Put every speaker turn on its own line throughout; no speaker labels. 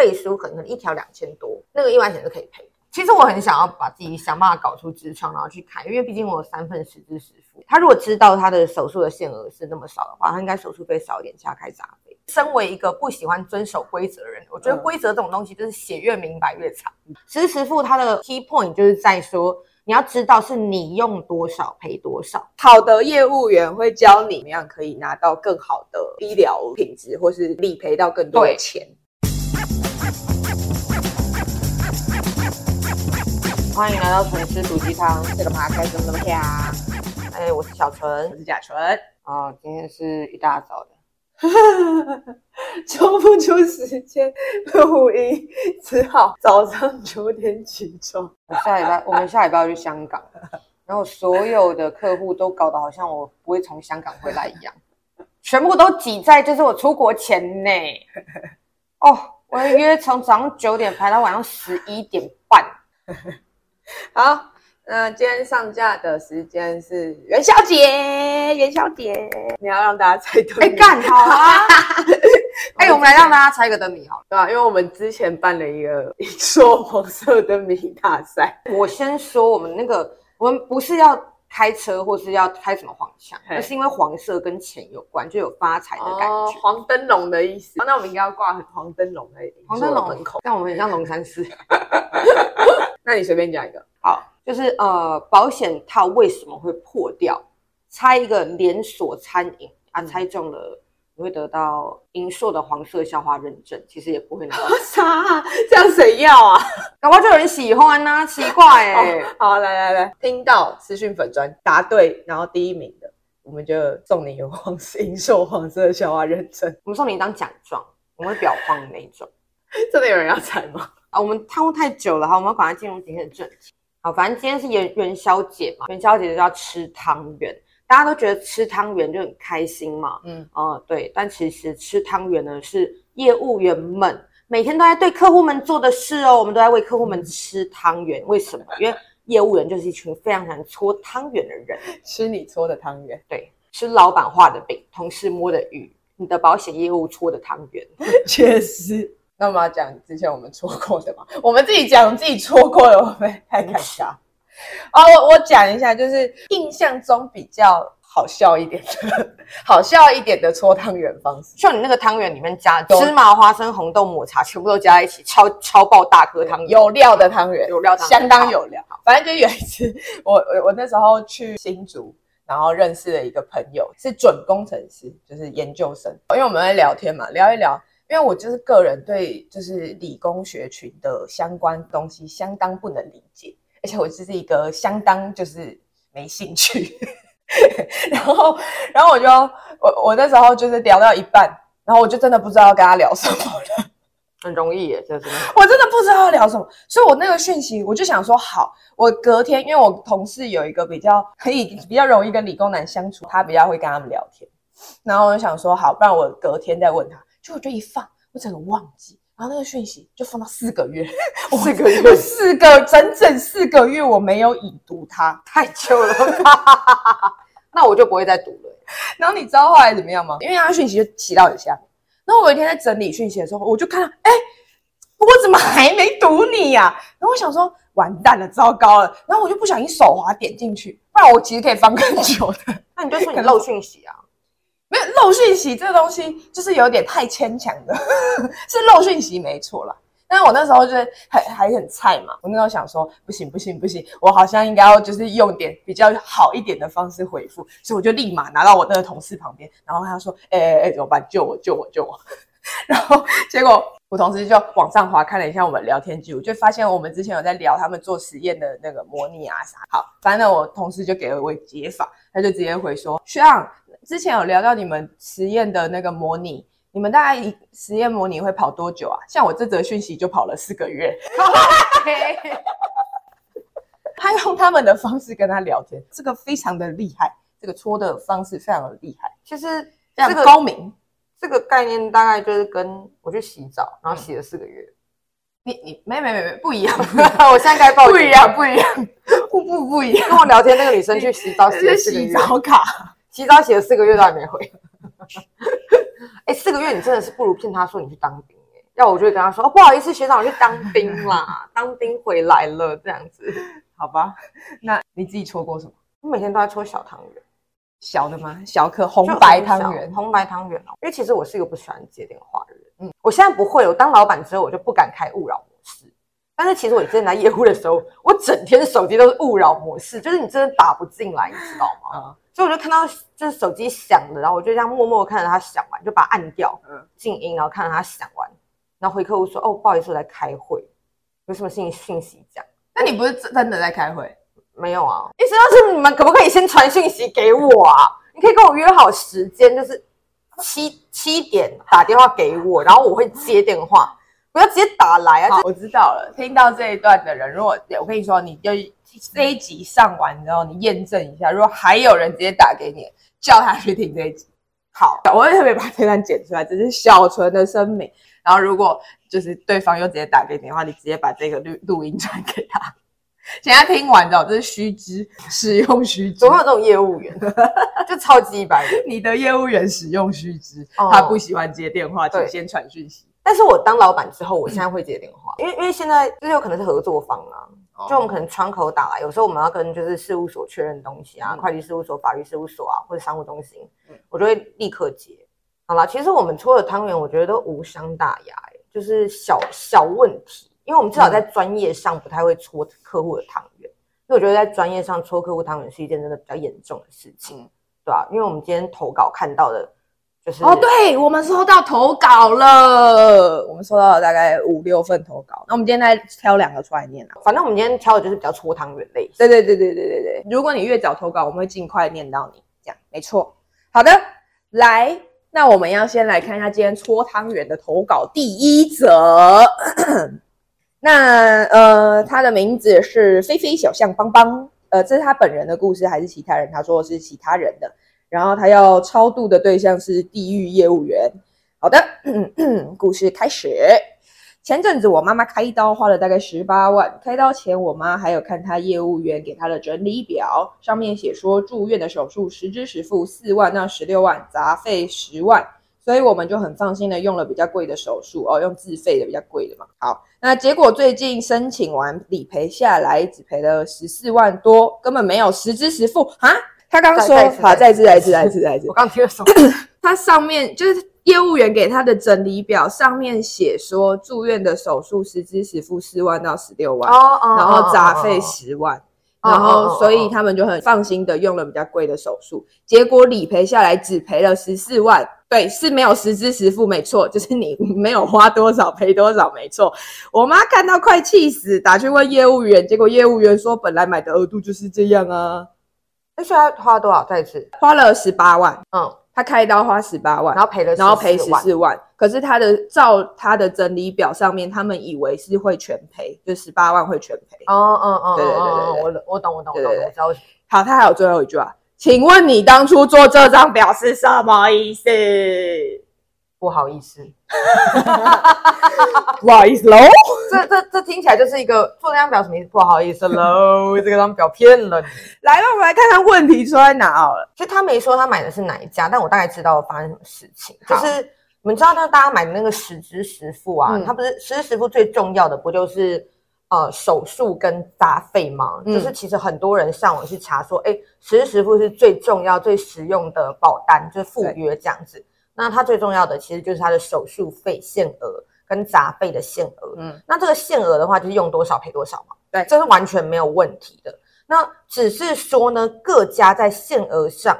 背書可能一條兩千多，那個意外險是可以賠。其實我很想要把自己想辦法搞出痔瘡，然後去看，因為畢竟我有三份實支實付。他如果知道他的手術的限額是那麼少的話，他應該手術費少一點，加開雜費。身為一個不喜歡遵守規則的人、嗯，我覺得規則這種東西，就是寫越明白越慘。實支實付它的 key point 就是在說，你要知道是你用多少賠多少。好的業務員會教你怎樣可以拿到更好的醫療品質，或是理賠到更多的錢。歡迎來到純喫毒雞湯，個這個爬開真的香。哎，我是小純，我是甲純。哦，今天是一大早的，抽 不出時間錄音，只好早上九點起床。我、哦、下禮拜， 我們下禮拜要去香港， 然後所有的客戶都搞得好像我不會從香港回來一樣，全部都擠在就是我出國前呢。 哦，我約從早上九點排到晚上十一點半。好，那今天上架的時間是元宵節。元宵節，你要讓大家猜燈謎，哎、欸，幹好啊！哎、 欸，我們來讓大家猜個燈謎，好了，對吧、啊？因為我們之前辦了一個一說黃色燈謎大賽。 我先說，我們那個我們不是要開車，或是要開什麼黃腔，那 是因為黃色跟錢有關，就有發財的感覺。哦、黃燈籠的意思、啊。那我們應該要掛黃燈籠在門口，但我們很像龍山寺。 那你隨便講一個，好，就是呃，保險套為什麼會破掉？猜一個連鎖餐飲啊，猜中了你會得到盈爍的黃色笑話認證，其實也不會拿。啥？啊？這樣誰要啊？搞不好就有人喜歡呢、啊，奇怪哎、欸 哦。好，來來來，聽到私訊粉專答對，然後第一名的，我們就送你一份盈爍黃色笑話認證。我們送你一張獎狀，我們會裱框的那一種。 真的有人要猜嗎？啊，我們貪污太久了哈，我們趕快進入今天的正題。好，反正今天是元元宵節嘛，元宵節就要吃湯圓，大家都覺得吃湯圓就很開心嘛。嗯，啊、嗯，對。但其實吃湯圓呢，是業務員們每天都在對客戶們做的事哦。我們都在為客戶們吃湯圓、嗯，為什麼？因為業務員就是一群非常能搓湯圓的人。吃你搓的湯圓？對，吃老板畫的餅，同事摸的魚，你的保險業務搓的湯圓。確實。 那麼要講之前我們搓過的嘛，我們自己講自己搓過的，我們太搞笑。啊，我我講一下，就是印象中比較好笑一點的、好笑一點的搓湯圓方式，就你那個湯圓裡面加芝麻、花生、紅豆、抹茶，全部都加在一起，超超爆大顆湯圓，有料的湯圓，有料的湯圓，相當有料。反正就有一次，我我我那時候去新竹，然後認識了一個朋友，是準工程師，就是研究生。因為我們在聊天嘛，聊一聊。因為我就是個人對就是理工學群的相關東西相當不能理解，而且我就是一個相當就是沒興趣。 然後，然後我就我我那時候就是聊到一半，然後我就真的不知道要跟他聊什麼了，很容易耶，就是我真的不知道要聊什麼，所以我那個訊息我就想說好，我隔天因為我同事有一個比較可以比較容易跟理工男相處，他比較會跟他們聊天，然後我就想說好，不然我隔天再問他。所以我就一放，我整個忘記，然後那個訊息就放到四個月， 四個月，我四個整整四個月，我沒有已讀它，太久了，哈哈哈，那我就不會再讀了。然後你知道後來怎麼樣嗎？因為他訊息就提到以下，然後我有一天在整理訊息的時候，我就看到，哎、欸，我怎麼還沒讀你呀、啊？然後我想說，完蛋了，糟糕了。然後我就不小心手滑點進去，不然我其實可以放更久的。那 你就說你漏訊息啊？漏訊息這個東西就是有點太牽強的， 是漏訊息沒錯啦。但我那時候就是還還很菜嘛，我那時候想說不行不行不行，我好像應該要就是用點比較好一點的方式回復，所以我就立馬拿到我那個同事旁邊，然後他說：“哎哎哎，怎麼辦？救我！救我！救我！” 然後結果我同事就往上滑看了一下我們聊天記錄，就發現我們之前有在聊他們做實驗的那個模擬啊啥。好，反正我同事就給了一個解法，他就直接回說：“像。”之前有聊到你們實驗的那個模擬，你們大概一實驗模擬會跑多久啊？像我這則訊息就跑了四個月。 他用他們的方式跟他聊天，這個非常的厲害，這個搓的方式非常的厲害，其實這樣，這個高明。這個概念大概就是跟我去洗澡，然後洗了四個月。嗯、你你沒沒沒沒不一樣， 我現在該報不一樣不一樣，不不 不一樣。跟我聊天那個女生去洗澡 洗了四個月卡。 其實他寫了四個月，都還沒回來。哎， 四個月，你真的是不如騙他說你去當兵哎。要我就會跟他說，哦，不好意思，學長，我去當兵啦。 當兵回來了這樣子，好吧？那你自己搓過什麼？我每天都在搓小湯圓，小的嗎？小可紅白湯圓，紅白湯圓哦、啊。因為其實我是一個不喜歡接電話的人。嗯，我現在不會，我當老板之後，我就不敢開勿擾模式。但是其實我之前在業務的時候，我整天手機都是勿擾模式，就是你真的打不進來，你知道嗎？嗯所以我就看到就是手機響了，然後我就這樣默默看着它響完，就把它按掉，靜音，然後看着它響完，然後回客戶說：“哦，不好意思，我在開會，有什麼信信息這樣。那、嗯、你不是真的在開會？沒有啊，意思就是你們可不可以先傳信息給我啊？ 你可以跟我約好時間，就是七七點打電話給我，然後我會接電話，不要直接打來啊。我知道了，聽到這一段的人，如果我跟你說，你就。這一集上完之後，你驗證一下，如果還有人直接打給你，叫他去聽這一集。好，我也特別把這段剪出來，這是小純的聲明。然後，如果就是對方又直接打給你的話，你直接把這個錄錄音傳給他。現在聽完，之後這是須知，使用須知。總有這種業務員， 就超級一般。你的業務員使用須知。哦，他不喜歡接電話，就先傳訊息。但是我當老闆之後，我現在會接電話，嗯、因為因為現在很有可能是合作方啊。就我們可能窗口打來，有時候我們要跟就是事務所確認東西啊，會、嗯、計事務所、法律事務所啊，或者商務中心，我就會立刻接。好啦，其實我們搓的湯圓，我覺得都無傷大雅、欸，就是小小問題，因為我們至少在專業上不太會搓客戶的湯圓，因、嗯、為我覺得在專業上搓客戶湯圓是一件真的比較嚴重的事情，嗯、對吧、啊？因為我們今天投稿看到的。就是、哦，對，我們收到投稿了，我們收到了大概五六份投稿。那我們今天再挑兩個出來念啊，反正我們今天挑的就是比較搓湯圓類。對對對對對對對。如果你越早投稿，我們會盡快念到你，這樣沒錯。好的，來，那我們要先來看一下今天搓湯圓的投稿第一則。 那呃，他的名字是飛飛小象幫幫，呃，這是他本人的故事還是其他人？他說的是其他人的。然後他要超度的對象是地獄業務員。好的，咳咳，故事開始。前陣子我媽媽開刀花了大概十八萬，開刀前我媽還有看她業務員給她的整理表，上面寫說住院的手術實支實付四萬到十六萬，雜費十萬，所以我們就很放心地用了比較貴的手術哦，用自費的比較貴的嘛。好，那結果最近申請完理賠下來，只賠了十四萬多，根本沒有實支實付哈？他剛剛說，再試、啊，再次再試，再試。再次再次再次 我剛聽了什麼？ 他上面就是業務員給他的整理表，上面寫說住院的手術實支實付四萬到十六萬，然後雜費十萬，然後所以他們就很放心的用了比較貴的手術，結果理賠下來只賠了十四萬。對，是沒有實支實付，沒錯，就是你沒有花多少賠多少，沒錯。我媽看到快氣死，打去問業務員，結果業務員說本來買的額度就是這樣啊。他花了多少？再一次花了十八萬。嗯，他開刀花十八萬，然後賠了，然後賠十四萬。可是他的照他的整理表上面，他們以為是會全賠，就十八萬會全賠。哦，哦、嗯、哦、嗯，對對對對,對、哦，我我懂,我懂,對對對我,懂我懂，對對對，好。他還有最後一句啊，請問你當初做這張表是什麼意思？不好意思，不好意思嘍。這這這聽起來就是一個做這張表什麼意思？不好意思嘍， 這張表騙了你。來了，我們來看看問題出在哪了。其實他沒說他買的是哪一家，但我大概知道發生什麼事情。就是我們知道，那大家買的那個實支實付啊、嗯，它不是實支實付最重要的不就是呃手術跟雜費嗎、嗯？就是其實很多人上網去查說，哎，實支實付是最重要、最實用的保單，就是副約這樣子。那它最重要的其實就是它的手術費限額跟雜費的限額。嗯，那這個限額的話就是用多少賠多少嘛。對，這是完全沒有問題的。那只是說呢，各家在限額上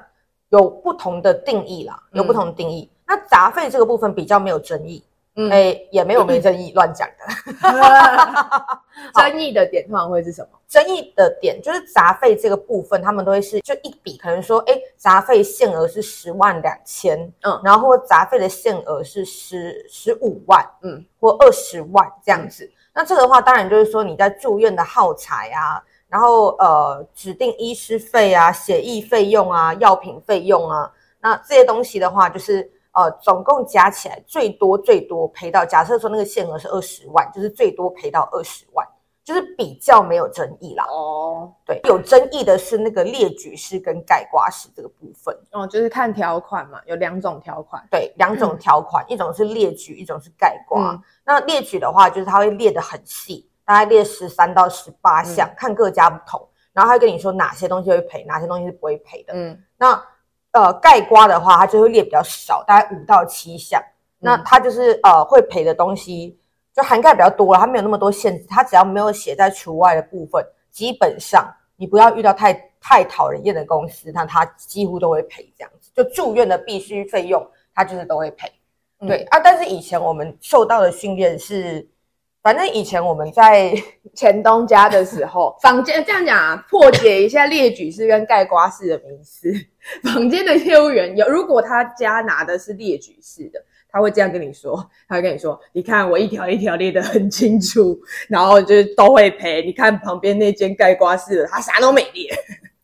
有不同的定義啦，有不同的定義。嗯，那雜費這個部分比較沒有爭議。哎、嗯欸，也沒有沒爭議，亂講的。 爭議的點通常會是什麼？爭議的點就是雜費這個部分，他們都會是就一筆，可能說，哎、欸，雜費限額是十萬兩千，嗯，然後或雜費的限額是十十五萬，嗯，或二十萬這樣子。嗯、那這個的話，當然就是說你在住院的耗材啊，然後呃，指定醫師費啊、協議費用啊、藥品費用啊，那這些東西的話，就是。呃，總共加起來最多最多賠到，假設說那個限額是二十萬，就是最多賠到二十萬，就是比較沒有爭議啦。哦、oh.，對，有爭議的是那個列舉式跟概括式這個部分。哦、oh,，就是看條款嘛，有兩種條款。對，兩種條款、嗯，一種是列舉，一種是概括、嗯。那列舉的話，就是它會列得很細，大概列十三到十八項，看各家不同。然後他會跟你說哪些東西會賠，哪些東西是不會賠的。嗯，那。呃，概括的話，它就會列比較少，大概五到七項、嗯。那它就是呃，會賠的東西就涵蓋比較多了，它沒有那麼多限制。它只要沒有寫在除外的部分，基本上你不要遇到太太討人厭的公司，那它，它幾乎都會賠這樣子。就住院的必須費用，它就是都會賠、嗯。對啊，但是以前我們受到的訓練是。反正以前我們在前東家的時候， 房間這樣講啊，破解一下列舉式跟概括式的名詞。房間的業務員有，如果他家拿的是列舉式的，他會這樣跟你說，他會跟你說，你看我一條一條列得很清楚，然後就是都會賠。你看旁邊那間概括式的，他啥都沒列。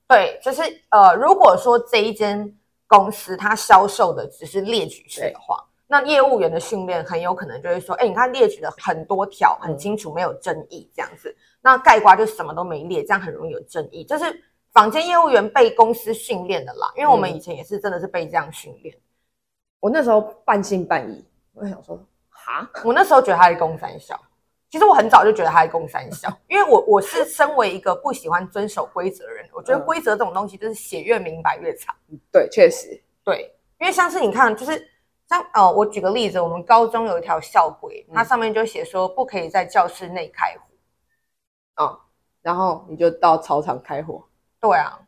對，就是呃，如果說這一間公司他銷售的只是列舉式的話。那業務員的訓練很有可能就會說：“哎、欸，你看列舉了很多條，很清楚，沒有爭議，這樣子。嗯、那概括就什麼都沒列，這樣很容易有爭議。”就是坊間業務員被公司訓練的啦，因為我們以前也是真的是被這樣訓練、嗯。我那時候半信半疑，我想說：“哈，我那時候覺得他是公三小。”其實我很早就覺得他是公三小， 因為我我是身為一個不喜歡遵守規則的人，我覺得規則這種東西就是寫越明白越慘、嗯。對，確實對，因為像是你看，就是。像哦，我舉個例子，我們高中有一條校規，它上面就寫說不可以在教室內開火、嗯。哦，然後你就到操場開火。對啊，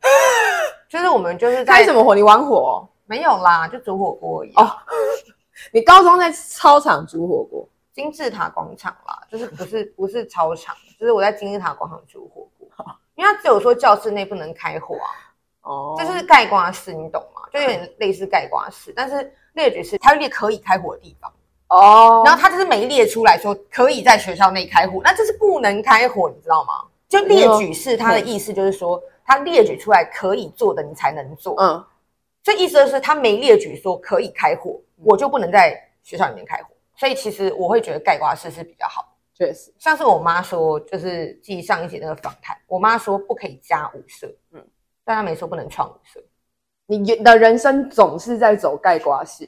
就是我們就是在開什麼火？你玩火？沒有啦，就煮火鍋而已、啊。哦，你高中在操場煮火鍋？金字塔廣場啦，就是不是不是操場，就是我在金字塔廣場煮火鍋。因為他只有說教室內不能開火、啊，哦，這是概括式，你懂嗎？就有點類似概括式，嗯，但是列舉式它列可以開火的地方哦，然後它就是沒列出來說可以在學校內開火，那這是不能開火，你知道嗎？就列舉式它的意思就是說，嗯，它列舉出來可以做的你才能做，嗯，所以意思就是它沒列舉說可以開火，嗯，我就不能在學校裡面開火，所以其實我會覺得概括式是比較好確實，像是我媽說，就是記上一節那個訪談，我媽說不可以加五色，嗯，但她沒說不能創五色。你的人生總是在走概括式，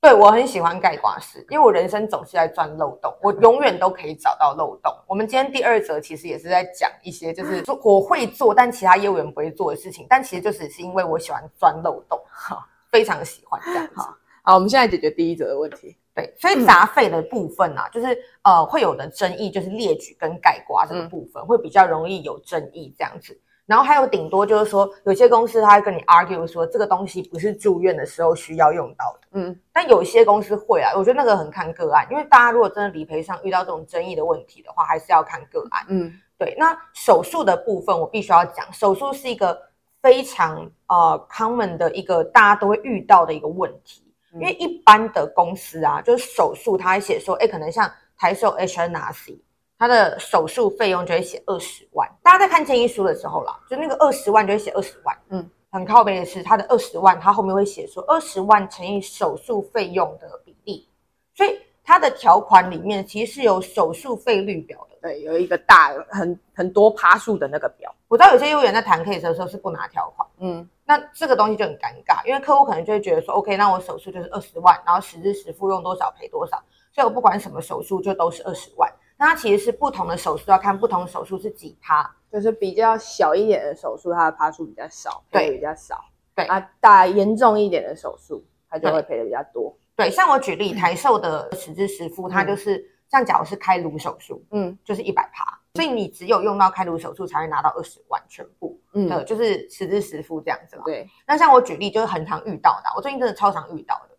對，我很喜歡概括式，因為我人生總是在鑽漏洞，我永遠都可以找到漏洞。我們今天第二則其實也是在講一些，就是說我會做，但其他業務員不會做的事情，但其實就只是因為我喜歡鑽漏洞，哈，非常喜歡這樣子。好，好好我們現在解決第一則的問題。對，所以雜費的部分啊，嗯、就是呃會有的爭議，就是列舉跟概括這個部分、嗯、會比較容易有爭議，這樣子。然後還有頂多就是說，有些公司他會跟你 argue 說這個東西不是住院的時候需要用到的，嗯，但有些公司會啊，我覺得那個很看個案，因為大家如果真的理賠上遇到這種爭議的問題的話，還是要看個案，嗯，對。那手術的部分我必須要講，手術是一個非常呃 common 的一個大家都會遇到的一個問題，嗯，因為一般的公司啊，就是手術它會寫說，哎，可能像台壽、H R C。他的手術費用就會寫二十萬。大家在看建議書的時候啦，就那個二十萬就會寫二十萬。嗯，很靠北的是他的二十萬，他後面會寫說二十萬乘以手術費用的比例。所以他的條款裡面其實是有手術費率表的。對，有一個大很很多趴數的那個表。我知道有些業務員在談 case 的時候是不拿條款。嗯，那這個東西就很尷尬，因為客戶可能就會覺得說：OK，那我手術就是二十萬，然後實支實付用多少賠多少，所以我不管什麼手術就都是二十萬。那它其實是不同的手術要看不同的手術是幾趴，就是比較小一點的手術，它的趴數比較少，對，比較少。對啊，大嚴重一點的手術，它就會賠得比較多、嗯。對，像我舉例台壽的實支實付，它就是、嗯、像假如是開顱手術，嗯，就是一百趴，所以你只有用到開顱手術才會拿到二十萬全部，嗯，呃、就是實支實付這樣子嘛。對、嗯，那像我舉例就是很常遇到的，我最近真的超常遇到的，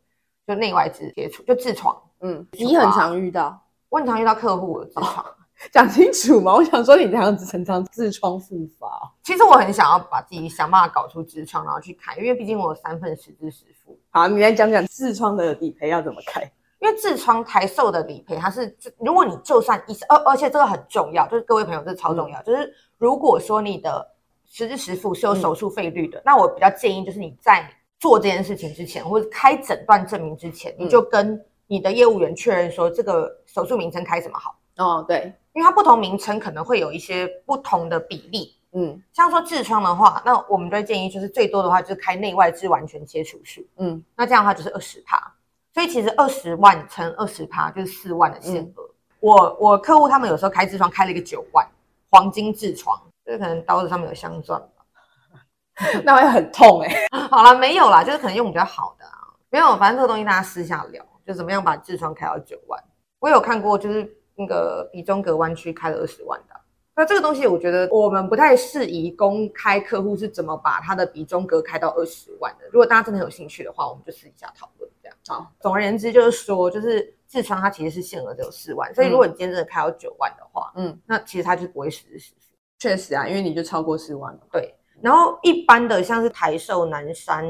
就內外痔接觸，就痔瘡，嗯，你很常遇到。我經常遇到客戶、哦，講清楚嘛？我想說，你這樣子常常痔瘡復發。其實我很想要把自己想辦法搞出痔瘡，然後去看，因為畢竟我有三份實支實付。好，你來講講痔瘡的理賠要怎麼開？因為痔瘡台壽的理賠，它是如果你就算醫，而而且這個很重要，就是各位朋友，這個、超重要、嗯，就是如果說你的實支實付是有手術費率的、嗯，那我比較建議就是你在做這件事情之前，或者開診斷證明之前，嗯、你就跟，你的業務員確認說，這個手術名稱開什麼好？哦，對，因為它不同名稱可能會有一些不同的比例。嗯，像說痔瘡的話，那我們都會建議就是最多的話就是開內外痔完全切除術。嗯，那這樣的話就是二十趴，所以其實二十萬乘二十趴就是四萬的限額、嗯。我我客戶他們有時候開痔瘡開了一個九萬，黃金痔瘡，就是可能刀子上面有鑲鑽吧？ 那會很痛哎、欸。好了，沒有啦，就是可能用比較好的啊，沒有，反正這個東西大家私下聊。就怎麼樣把痔瘡開到九萬？我有看過，就是那個鼻中隔彎曲開了二十萬的。那這個東西我覺得我們不太適宜公開客戶是怎麼把他的鼻中隔開到二十萬的。如果大家真的有興趣的話，我們就私底下討論這樣。好、哦，總而言之就是說，就是痔瘡它其實是限額只有四萬，所以如果你今天真的開到九萬的話，嗯，那其實它就不會實支實付。確實啊，因為你就超過四萬了。對。然後一般的像是台壽、南山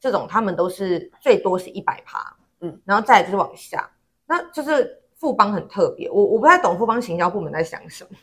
這種，他們都是最多是一百趴。嗯，然後再就是往下，那就是富邦很特別，我我不太懂富邦行銷部門在想什麼，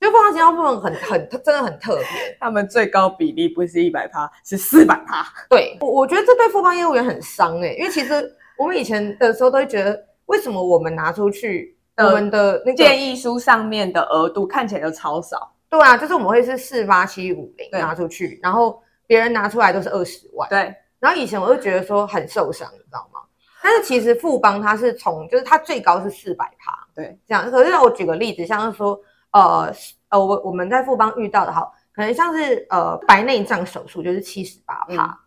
就富邦行銷部門很很，很，真的很特別，他們最高比例不是一百趴，是四百趴。對，我我覺得這對富邦業務員很傷誒，欸，因為其實我們以前的時候都會覺得，為什麼我們拿出去我們的那個呃，建議書上面的額度看起來就超少？對啊，就是我們會是四八七五零拿出去，然後別人拿出來都是二十萬。對，然後以前我就覺得說很受傷，你知道嗎？但是其實富邦它是從就是它最高是四百趴，對，這樣。可是我舉個例子，像是說，呃，呃，我我們在富邦遇到的好，可能像是呃白內障手術就是七十八趴，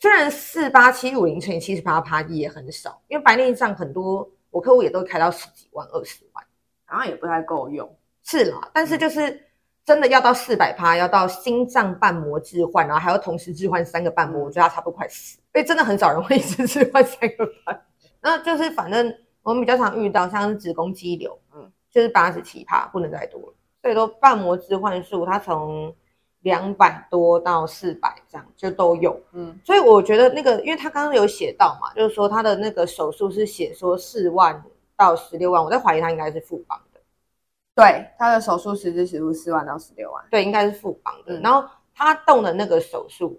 雖然四八七五零乘以七十八趴也很少，因為白內障很多我客戶也都開到十幾萬、二十萬，然後、啊、也不太夠用，是啦、啊嗯。但是就是真的要到四百趴，要到心臟瓣膜置換，然後還要同時置換三個瓣膜，我覺得他差不多快死。所、欸、以真的很少人會一直吃。三個瓣，那就是反正我們比較常遇到像是子宮肌瘤，嗯，就是八十七趴不能再多了，所以都瓣膜置換術，它從兩百多到四百這樣就都有，嗯，所以我覺得那個，因為他剛剛有寫到嘛，就是說他的那個手術是寫說四萬到十六萬，我在懷疑他應該是富邦的，對，他的手術實質是四萬到十六萬，對，應該是富邦的、嗯，然後他動的那個手術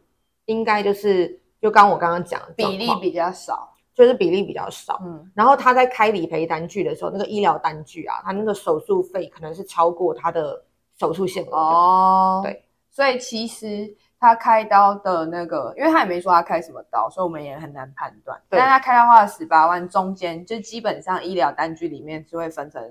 應該就是。就剛我剛剛講的比例比較少，就是比例比較少。嗯，然後他在開理賠單據的時候，那個醫療單據啊，他那個手術費可能是超過他的手術限額。哦，對，對，所以其實他開刀的那個，因為他也沒說他開什麼刀，所以我們也很難判斷。對，但他開刀花了十八萬，中間就基本上醫療單據裡面就會分成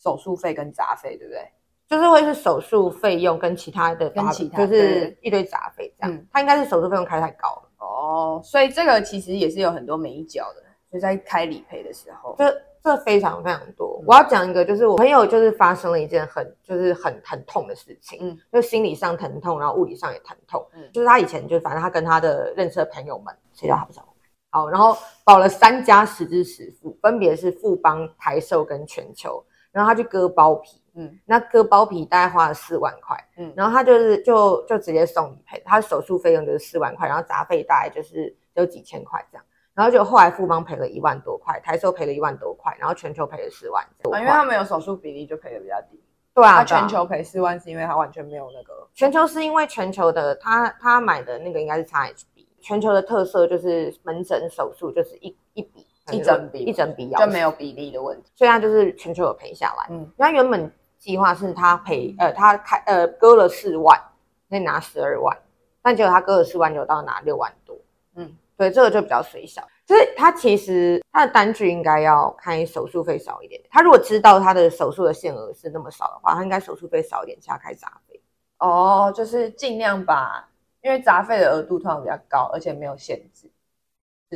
手術費跟雜費，對不對？就是會是手術費用跟其他的，跟其他就是一堆雜費這樣，嗯。他應該是手術費用開太高了。哦、oh，所以這個其實也是有很多眉角的，所以在開理賠的時候，這這非常非常多。嗯、我要講一個，就是我朋友就是發生了一件很就是很很痛的事情，嗯，就心理上疼痛，然後物理上也疼痛，嗯，就是他以前就反正他跟他的認識的朋友們，誰叫他不買、嗯。好，然後保了三家實支實付，分別是富邦、台壽跟全球，然後他去割包皮，嗯，那割包皮大概花了四萬塊，嗯，然後他就是就就直接送理賠，他手術費用就是四萬塊，然後雜費大概就是就幾千塊這樣，然後就後來富邦賠了一萬多塊，台壽賠了一萬多塊，然後全球賠了四萬。對、啊，因為他沒有手術比例，就賠的比較低。對啊，他全球賠四萬是因為他完全沒有那個全球是因為全球的他他買的那個應該是 x 額 b 全球的特色就是門診手術就是一一筆一整，一整筆一整筆藥。就沒有比例的問題，所以他就是全球有賠下來。嗯，那原本。計劃是他賠呃，他開呃割了四萬，可以拿十二萬，但結果他割了四萬，就到拿六萬多，嗯，所以這個就比較衰小，所以他其實他的單據應該要開手術費少一點，他如果知道他的手術的限額是那麼少的話，他應該手術費少一點，加開雜費。哦，就是儘量把，因為雜費的額度通常比較高，而且沒有限制。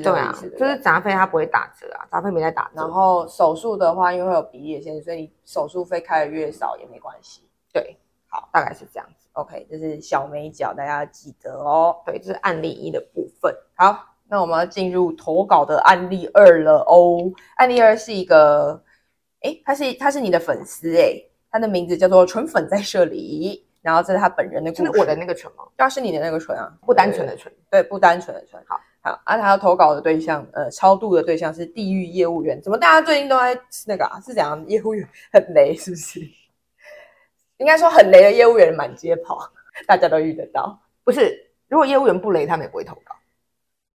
對啊對，就是雜費它不會打折啊，雜費沒在打。然後手術的話，因為會有比例的限制，所以你手術費開的越少也沒關係。對，好，大概是這樣子。OK，這是小眉角，大家要記得哦。對，這，就是案例一的部分，嗯。好，那我們進入投稿的案例二了哦。案例二是一個，誒、欸，他是他是你的粉絲誒、欸，他的名字叫做純粉在這裡。然後這是他本人的故事，那是我的那個純嗎？他是你的那個純啊，不單純的純。對，對不單純的純。好。啊，他要投稿的對象，呃，超度的對象是地獄業務員。怎麼大家最近都在是那個、啊、是怎樣業務員很雷是不是？應該說很雷的業務員滿街跑，大家都遇得到。不是，如果業務員不雷，他們也不會投稿。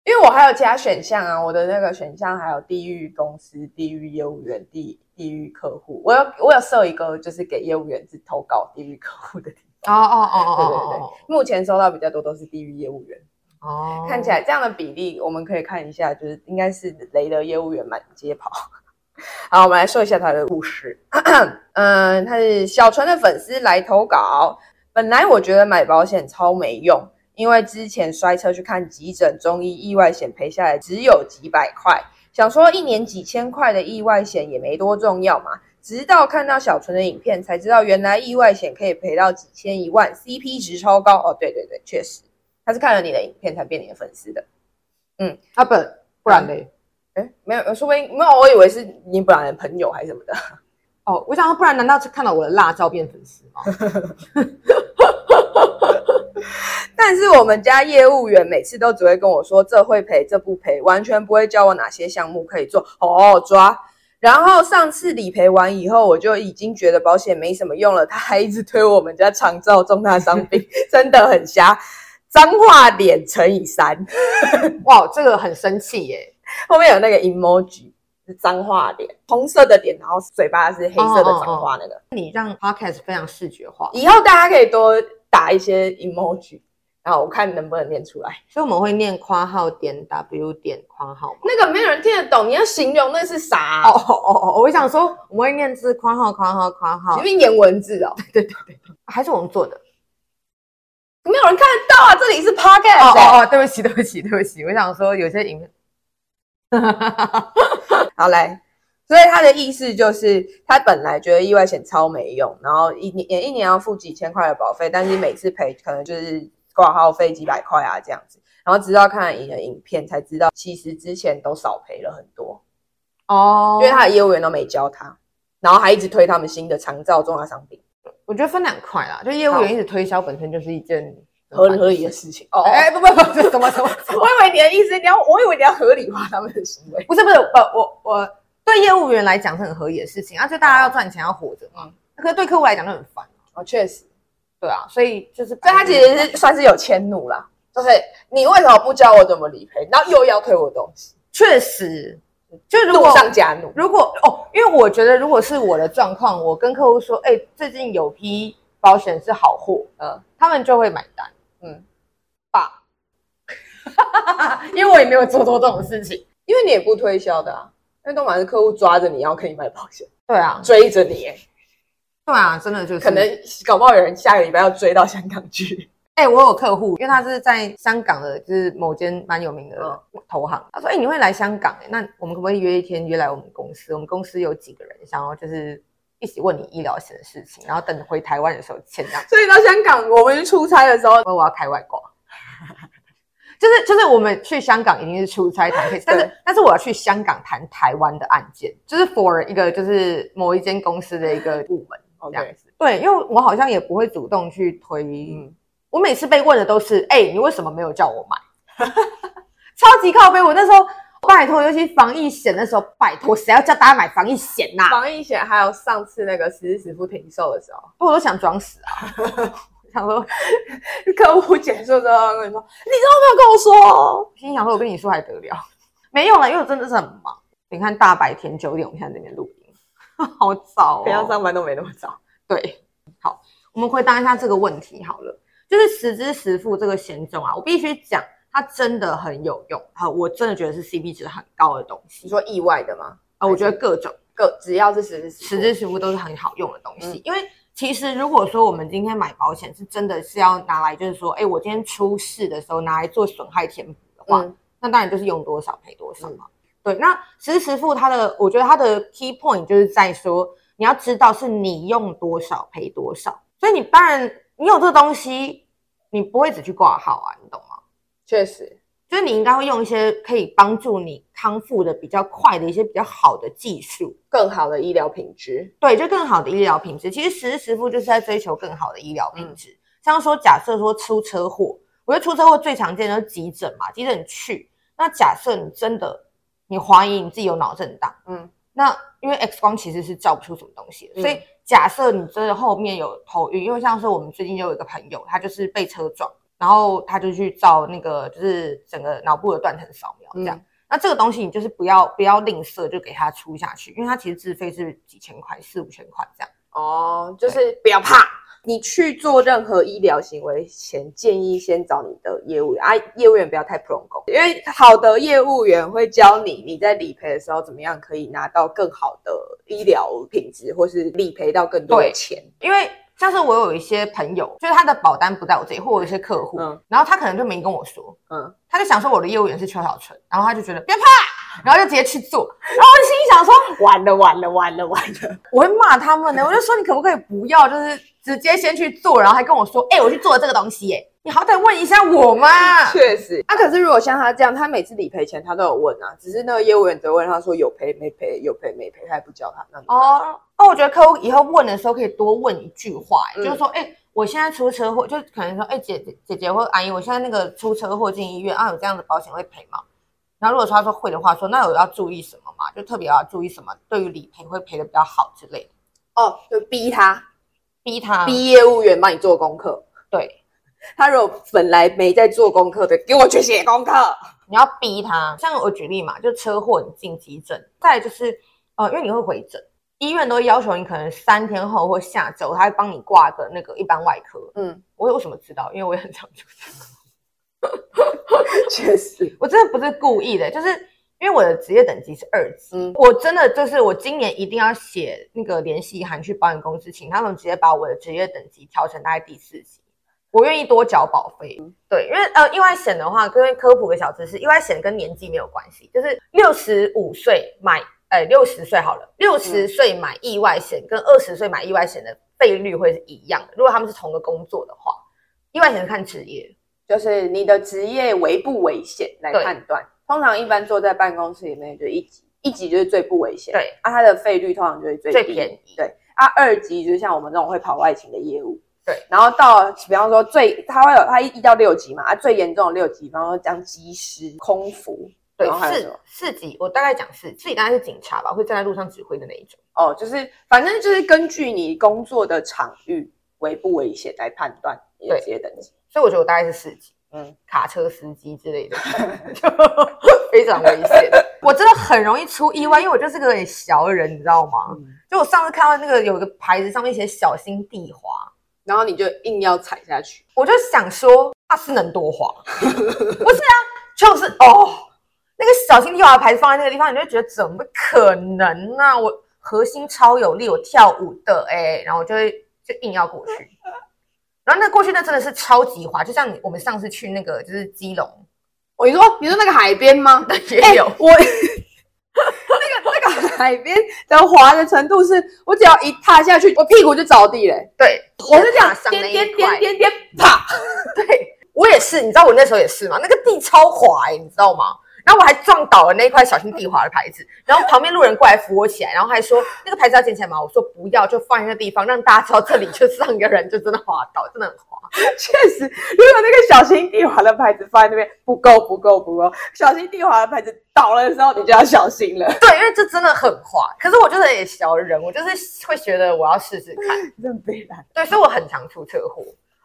因為我還有其他選項啊，我的那個選項還有地獄公司、地獄業務員、地地獄客戶。我有我有設一個，就是給業務員只投稿地獄客戶的。哦哦哦哦，對對對，目前收到比較多都是地獄業務員。哦、oh.，看起來這樣的比例，我們可以看一下，就是應該是雷的業務員滿街跑。 好，我們來說一下他的故事。 嗯，他是小純的粉絲來投稿。本來我覺得買保險超沒用，因為之前摔車去看急診，中醫意外險賠下來只有幾百塊，想說一年幾千塊的意外險也沒多重要嘛。直到看到小純的影片，才知道原來意外險可以賠到幾千一萬，CP 值超高。哦，對對對，確實。他是看了你的影片，才變你的粉絲的，嗯，他、啊、本不，不然呢？哎、嗯，沒有，說不定沒有。我以為是你本來的朋友還是什麼的。哦，我想說不然難道是看到我的辣照變粉絲嗎？ 但是我們家業務員每次都只會跟我說，這會賠這不賠，完全不會教我哪些項目可以做哦，好好好抓。然後上次理賠完以後，我就已經覺得保險沒什麼用了，他還一直推我們家長照重大傷病， 真的很瞎。髒話臉乘以三，哇，這個很生氣耶、欸！後面有那個 emoji，是髒話臉，紅色的點然後嘴巴是黑色的髒話那個哦哦哦。你讓 podcast 非常視覺化，以後大家可以多打一些 emoji，然後我看你能不能念出來。所以我們會念括號點 w 點括號。那個沒有人聽得懂，你要形容那是啥？哦哦哦哦，我想說，我們會念字，括，括號，括號，括號。你沒演文字哦、喔？對對對對，還是我們做的。沒有人看得到啊！這裡是 podcast，哦哦，哦，對不起，對不起，對不起，我想說有些影，哈哈哈哈哈。好來，所以他的意思就是，他本來覺得意外險超沒用，然後一年也一年要付幾千塊的保費，但是每次賠可能就是掛號費幾百塊啊這樣子，然後直到看了你的影片，才知道，其實之前都少賠了很多哦，因為他的業務員都沒教他，然後還一直推他們新的長照重大商品。我覺得分兩塊啦，就業務員一直推銷本身就是一件很合理的事情。哦，哎、欸，不不不，什麼什麼？ 我以為你的意思，你要，我以為你要合理化他們的行為。不是不是，呃，我我對業務員來講是很合理的事情，而、啊、且大家要賺錢、哦、要活着嘛。可是對客戶來講就很煩。哦，確實。對啊，所以就是，所以他其實是算是有遷怒啦，就是你為什麼不教我怎麼理賠，然後又要退我東西。確實。就如果，上如果哦，因為我覺得如果是我的狀況，我跟客戶說，哎、欸，最近有批保險是好貨，呃，他們就會買單，嗯，爸， 因為我也沒有做多這種事情， 因為你也不推銷的啊，因為都馬是客戶抓着你要，然後可以買保險，對啊，追着你、欸，對啊，真的就是，可能搞不好有人下個禮拜要追到香港去。哎、欸，我有客戶，因為他是在香港的，就是某間蠻有名的投行。嗯、他說：“哎、欸，你會來香港、欸？那我們可不可以約一天約來我們公司？我們公司有幾個人，想要就是一起問你醫療險的事情。然後等回台灣的時候簽章。”所以到香港我們出差的時候， 我要開外掛， 就是就是我們去香港一定是出差談 case，但是但是我要去香港談台灣的案件，就是 for 一個就是某一間公司的一個部門這樣子。Okay. 對，因為我好像也不會主動去推。嗯我每次被問的都是：哎、欸，你為什麼沒有叫我買？哈哈哈，超級靠背！我那時候拜託，尤其防疫險那時候，拜託，誰要叫大家買防疫險吶、啊？防疫險還有上次那個實支實付停售的時候，我都想裝死啊！ 想說 客戶減售之後，跟你說，你都沒有跟我說？心想說我跟你說還得了？沒有了，因為我真的是很忙。你看大白天九點，我們現在這邊錄音， 好早喔，平常上班都沒那麼早。對，好，我們回答一下這個問題好了。就是實支實付這個險種啊，我必須講，它真的很有用，好，我真的覺得是 CP 值很高的東西。你說意外的嗎？啊，我覺得各種各只要是實實支實付都是很好用的東西、嗯。因為其實如果說我們今天買保險是真的是要拿來就是說，哎、欸，我今天出事的時候拿來做損害填補的話、嗯，那當然就是用多少賠多少嘛。嗯、對，那實支實付它的，我覺得它的 key point 就是在說，你要知道是你用多少賠多少，所以你當然。你有這個東西，你不會只去掛號啊，你懂嗎？確實，就是你應該會用一些可以幫助你康復的比較快的一些比較好的技術，更好的醫療品質。對，就更好的醫療品質。其實實支實付就是在追求更好的醫療品質。嗯、像說，假設說出車禍，我覺得出車禍最常見的是急診嘛，急診去。那假設你真的你懷疑你自己有腦震盪，嗯，那因為 X 光其實是照不出什麼東西、嗯，所以。假設你真的後面有頭暈，因為像是我們最近有一個朋友，他就是被車撞，然後他就去照那個就是整個腦部的斷層掃描這樣。嗯、那這個東西，你就是不要不要吝嗇，就給他出下去，因為他其實自費是幾千塊，四五千塊這樣。哦，就是不要怕。你去做任何醫療行為前，建議先找你的業務員啊，業務員不要太普通，因為好的業務員會教你，你在理賠的時候怎麼樣可以拿到更好的醫療品質，或是理賠到更多的錢。對，因為像是我有一些朋友，就是他的保單不在我這裡，或我有一些客戶，嗯，然後他可能就沒跟我說，嗯，他就想說我的業務員是邱小春，然後他就覺得別怕，然後就直接去做，然後我心想說 完了完了完了完了，我會罵他們的，我就說你可不可以不要就是。直接先去做，然後還跟我說，哎、欸，我去做了這個東西，哎，你好歹問一下我嘛。確實，那、啊、可是如果像他這樣，他每次理賠前他都有問啊，只是那個業務員只問他說有賠沒賠，有賠沒賠，他也不教他。那哦，那、哦、我覺得客戶以後問的時候可以多問一句話，哎、嗯，就是說，哎、欸，我現在出車禍，就可能說，哎、欸，姐姐姐姐或阿姨，我現在那個出車禍進醫院啊，有這樣的保險會賠嗎？然後如果說他說會的話，說那我要注意什麼嘛？就特別要注意什麼，對於理賠會賠的比較好之類。哦，就逼他。逼他，逼業務員幫你做功課。對，他如果本來沒在做功課的，給我去寫功課。你要逼他，像我舉例嘛，就車禍你進急診，再來就是呃，因為你會回診，醫院都要求你可能三天後或下週，他會幫你掛個那個一般外科。嗯，我為什麼知道？因為我也很常做這個，確實，我真的不是故意的，就是。因為我的職業等級是二級，嗯，我真的就是我今年一定要寫那個聯繫函去保險公司，請他們直接把我的職業等級調成大概第四級。我願意多繳保費，嗯，對，因為呃，意外險的話，跟科普個小知識，意外險跟年紀沒有關係，就是六十五歲買，哎，呃，六十歲好了，六十歲買意外險、嗯、跟二十歲買意外險的費率會是一樣的。如果他們是同個工作的話，意外險看職業，就是你的職業危不危險來判斷。通常一般坐在辦公室裡面，就一級，一級就是最不危險。對，啊，它的費率通常就是最，最便宜。對，啊，二級就是像我們那種會跑外勤的業務。對，然後到比方說最，它會有它一到六級嘛，啊，最嚴重的六級，比方說像機師空服。對，四級，我大概講四，自己大概是警察吧，會站在路上指揮的那一種。哦，就是反正就是根據你工作的場域危不危險來判斷對。職業等級，所以我覺得我大概是四級。嗯，卡車司機之類的，就非常危險。我真的很容易出意外，因為我就是個小人，你知道嗎？嗯、就我上次看到那個有個牌子，上面寫“小心地滑”，然後你就硬要踩下去。我就想說，那、啊、是能多滑？不是啊，就是哦，那個“小心地滑”的牌子放在那個地方，你就覺得怎麼可能呢、啊？我核心超有力，我跳舞的哎，然後我就會就硬要過去。然後那過去那真的是超級滑，就像我們上次去那個就是基隆，我、哦、你說你說那個海邊嗎？但也有、欸、我 那個那個海邊的滑的程度是，我只要一踏下去，我屁股就着地嘞。對，我是這樣，點點點點點啪。對我也是，你知道我那時候也是嗎？那個地超滑、欸，你知道嗎？然後我還撞倒了那塊“小心地滑”的牌子，然後旁邊路人過來扶我起來，然後還說那個牌子要撿起來嗎？我說不要，就放一個地方，讓大家知道這裡就上一個人就真的滑倒，真的很滑。確實，如果那個“小心地滑”的牌子放在那邊不，不夠，不夠，不夠。小心地滑的牌子倒了的時候，你就要小心了。對，因為這真的很滑。可是我就是也，小人我就是會覺得我要試試看，真悲慘。對，所以我很常出車禍，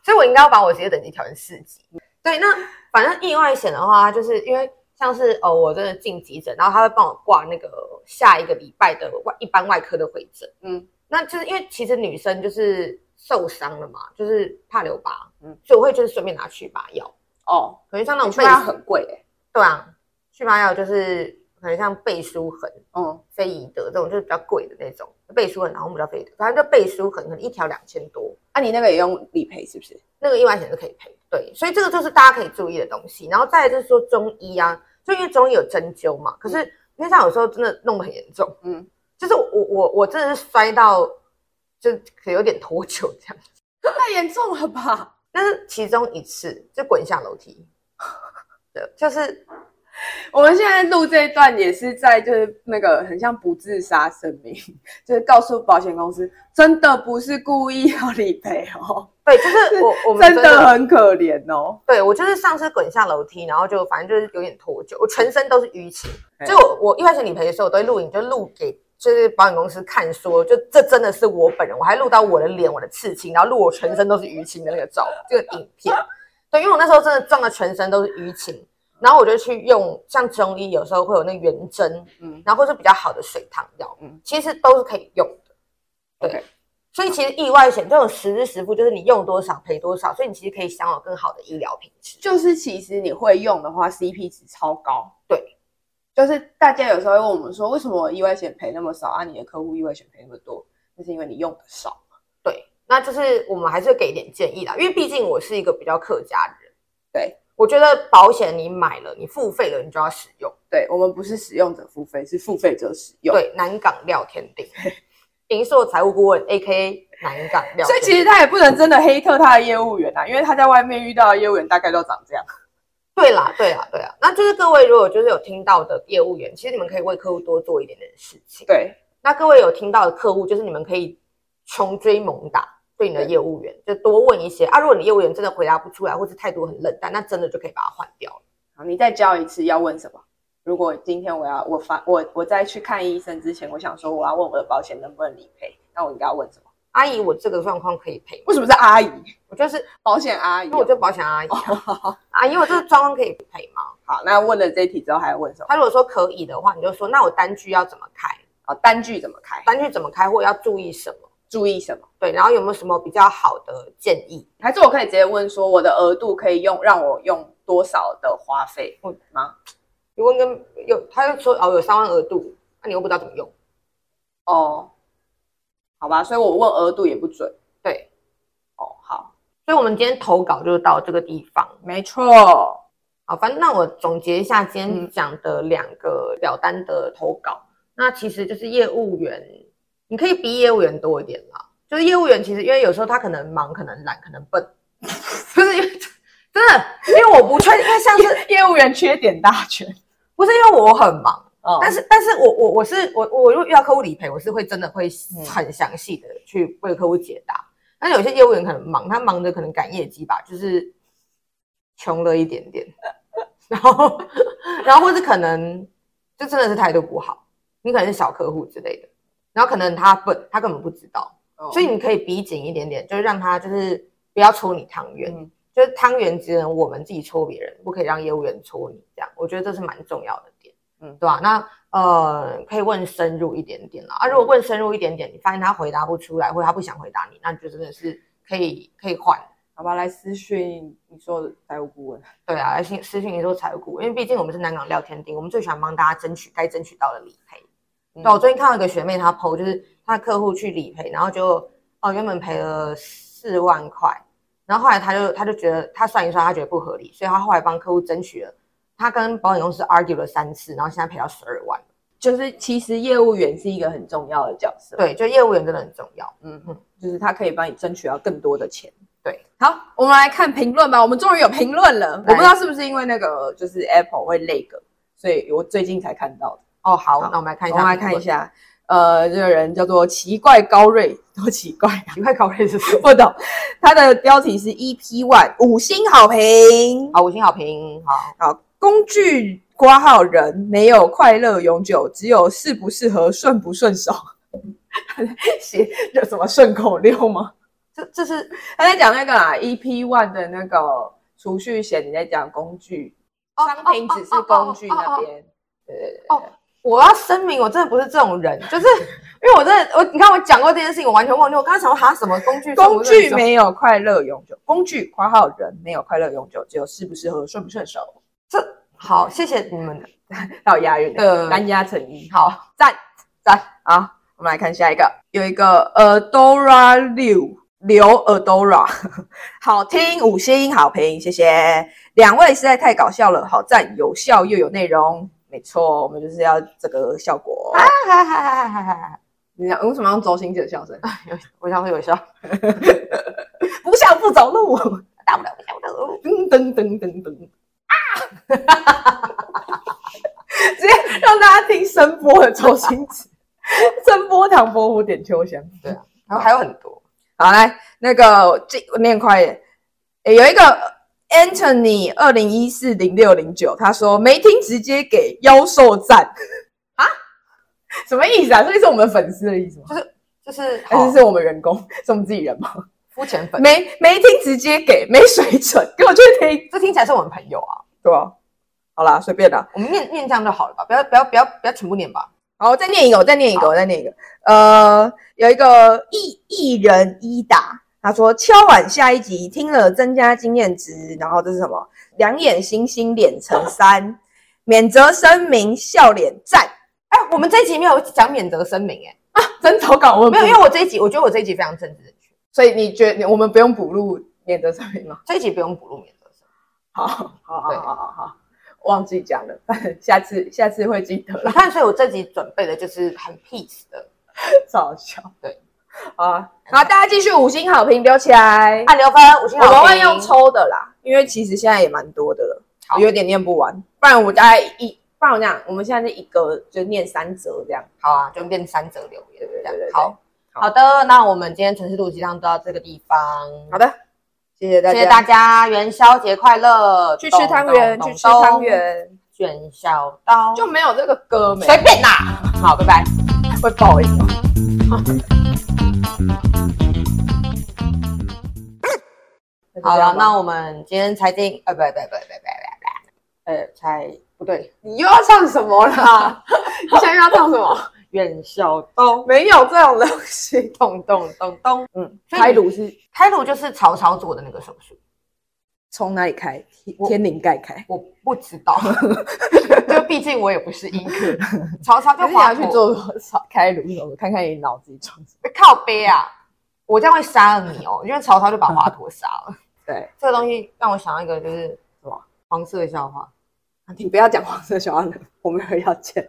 所以我應該要把我的職業等級調成四級。對，那反正意外險的話，就是因為。像是哦，我真的進急診，然後他會幫我掛那個下一個禮拜的外一般外科的會診。嗯，那就是因為其實女生就是受傷了嘛，就是怕留疤，嗯，所以我會就是順便拿去疤藥。哦，可能像那種去疤，欸、很貴誒、欸、對啊，去疤藥就是可能像倍舒痕、嗯，非儀德這種就是比較貴的那種，倍舒痕然後我們叫非儀德，反正就倍舒痕，可能一條兩千多。啊，你那個也用理賠是不是？那個意外險是可以賠。對，所以這個就是大家可以注意的東西。然後再來就是說中醫啊。就因為中醫有針灸嘛，可是平常有時候真的弄得很嚴重，嗯，就是我我我真的是摔到，就可有點脫臼這樣子，太嚴重了吧？但是其中一次就滾下樓梯， 對，就是。我們現在錄這一段也是在，就是那個很像不自殺聲明，就是告訴保險公司，真的不是故意要理賠哦。對，就是我，我們真的很可憐哦。對，我就是上次滾下樓梯，然後就反正就是有點脫臼，我全身都是淤青。就我我一開始理賠的時候，我都會錄影，就錄給就是保險公司看說，說就這真的是我本人，我還錄到我的臉、我的刺青，然後錄我全身都是淤青的那個照這個影片。對，因為我那時候真的撞的全身都是淤青。然後我就去用像中醫，有時候會有那圓針，嗯，然後或是比較好的水湯藥，嗯，其實都是可以用的，嗯、對。Okay. 所以其實意外險、嗯、這種實支實付，就是你用多少賠多少，所以你其實可以享有更好的醫療品質。就是其實你會用的話，CP 值超高。對，就是大家有時候會問我們說，為什麼我意外險賠那麼少啊？你的客戶意外險賠那麼多，那、就是因為你用的少。對，那就是我們還是給一點建議啦，因為畢竟我是一個比較客家人，對。我覺得保險你買了，你付費了，你就要使用。對，我們不是使用者付費，是付費者使用。對，南港廖天定，盈 爍財務顧問 aka 南港廖。所以其實他也不能真的黑特他的業務員啊,因為他在外面遇到的業務員大概都長這樣。對啦，對啦，對啦，那就是各位如果就是有聽到的業務員，其實你們可以為客戶多做一點點事情。對，那各位有聽到的客戶，就是你們可以窮追猛打。對，你的業務員就多問一些啊！如果你業務員真的回答不出來，或者態度很冷淡，那真的就可以把它換掉了。好，你再教一次要問什麼？如果今天我要我發我我在去看醫生之前，我想說我要問我的保險能不能理賠，那我應該要問什麼？阿姨，我這個狀況可以賠嗎？為什麼是阿姨？我就是保險阿姨。哦，那我就保險阿姨啊。阿姨，哦，啊，因為我這個狀況可以賠嗎？好，那問了這一題之後還要問什麼？他如果說可以的話，你就說那我單據要怎麼開啊？單據怎麼開？單據怎，怎麼開？或要注意什麼？注意什麼？對，然後有沒有什麼比較好的建議？還是我可以直接問說我的額度可以用，讓我用多少的花費？嗯，嗎？你問跟有，他又說哦有三萬額度，那、啊、你又不知道怎麼用。哦，好吧，所以我問額度也不準。對，哦好，所以我們今天投稿就到這個地方。沒錯，好，反正那我總結一下今天講的兩個表單的投稿，嗯、那其實就是業務員。你可以逼業務員多一點嘛，就是業務員其實因為有時候他可能忙，可能懶，可能笨，不、 就是因為真的，因為我不缺，因 為像是業務員缺點大全，不是因為我很忙。哦、但是但是我我我是我我如果遇到客戶理賠，我是會真的會很詳細的去為客戶解答、嗯。但有些業務員可能忙，他忙着可能趕業績吧，就是窮了一點點， 然後然後或是可能就真的是態度不好，你可能是小客戶之類的。然後可能他不，他根本不知道，oh. 所以你可以逼緊一點點，就是讓他就是不要搓你湯圓，嗯、就是湯圓只能我們自己搓別人，不可以讓業務員搓你這樣。我覺得這是蠻重要的點，嗯，對吧？那呃，可以問深入一點點啦。啊。如果問深入一點點、嗯，你發現他回答不出來，或者他不想回答你，那就真的是可以可以換，好吧？來私訊你說財務顧問，對啊，來私私訊你說財務顧問，因為畢竟我們是南港廖天定，我們最喜歡幫大家爭取該爭取到的理賠。嗯、對，我最近看到一個學妹，她 po 就是她客戶去理賠，然後就哦原本賠了四萬塊，然後後來她就她就覺得她算一算，她覺得不合理，所以她後來幫客戶爭取了，她跟保險公司 argue 了三次，然後現在賠到十二萬。就是其實業務員是一個很重要的角色，對，就業務員真的很重要，嗯哼，就是他可以幫你爭取到更多的錢。對，好，我們來看評論吧，我們終於有評論了。我不知道是不是因為那個就是 Apple 會 lag，所以我最近才看到的。哦好，好，那我們來看一下，嗯、我們來看一下、嗯，呃，這個人叫做奇怪高瑞，多奇怪、啊、奇怪高瑞是不懂。 他的標題是 E P One 五星好評，好，五星好評，好，好，好工具刮號人沒有快樂永久，只有適不適合順不順手。寫 有什麼順口溜嗎？這是他在講那個啊 E P One 的那個儲蓄險，你在講工具、哦、商品只是工具那邊、哦哦哦哦哦，對對對，對、哦。我要聲明，我真的不是這種人，就是因為我真的我，你看我講過這件事情，我完全忘記。我剛剛想問他、啊、什麼工具麼？工具沒有快樂永久，工具括號人沒有快樂永久，只有適不適合順不順手、嗯。這好，謝謝你們、嗯嗯、到押韻，呃，單押成音，好讚讚。好，我們來看下一個，有一個 Adora Liu，Liu Adora，好聽，聽五星好評，謝謝兩位實在太搞笑了，好讚，有笑又有內容。沒錯，我們就是要這個效果。你想用什麼樣，周星馳的笑聲？我想會有效，有有有笑， 不笑不走路，大不了不笑不走路。噔噔噔啊！直接讓大家聽聲 波的周星馳，聲波唐伯虎點秋香。對啊，然後還有很多。好嘞，那個我念快一點，誒，有一個。Anthony 二零一四零六零九，他說沒聽直接給夭壽讚啊？什麼意思啊？這是我們粉絲的意思嗎？就是就是還是是我們員工、哦，是我們自己人嗎？膚淺粉沒沒聽直接給沒水準，根我就是聽這聽起來是我們朋友啊，是吧、啊？好啦，隨便啦、啊，我們念念這樣就好了吧？不要不要不要不要全部念吧？好，我再念一個，我再念一個，我再念一個。呃，有一個藝藝人一打。他說：“敲碗下一集聽了增加經驗值，然後這是什麼？兩眼星星臉成山。 免責聲明：笑臉讚。哎、欸，我們這一集沒有講免責聲明、欸，哎啊，真糟糕，我們沒有，因為我這一集我覺得我這一集非常政治正確，所以你覺得我們不用補錄免責聲明嗎？這一集不用補錄免責聲明。好，好好好好好，忘記講了，下次下次會記得。你看，所以我這集準備的就是很 peace 的，搞笑對。”好啊，好，啊好，大家繼續五星好評留起來，按留分，五星好評。我們會用抽的啦，因為其實現在也蠻多的了，了，有點念不完。不然我們大概一，不然我這樣，我們現在就一個就念三折這樣。好啊，就念三折留言，對對對對對，好，好的，好，那我們今天純喫毒雞湯到這個地方。好的，謝謝大家，謝謝大家元宵節快樂，去吃湯圓，去吃湯圓，卷小刀，就沒有這個歌沒？隨便吶、啊。好，拜拜。會不好意思嗎？啊 好了好，那我們今天猜燈，呃，不不不不不呃，猜不對，你又要唱什麼啦 你現在又要唱什麼？袁小東沒有這種東西，咚咚咚咚，嗯，開顱是開顱就是曹操做的那個手術，從哪裡開？天靈蓋開？我不知道。 畢竟我也不是英科， 曹操就華佗去做 開顱手術？看看你腦子裝什 靠北啊！我這樣會殺了你哦！因為曹操就把華佗殺了。 對，這個東西讓我想到一個，就是什麼 黃色笑話。你不要講黃色笑話了，我沒有要錢。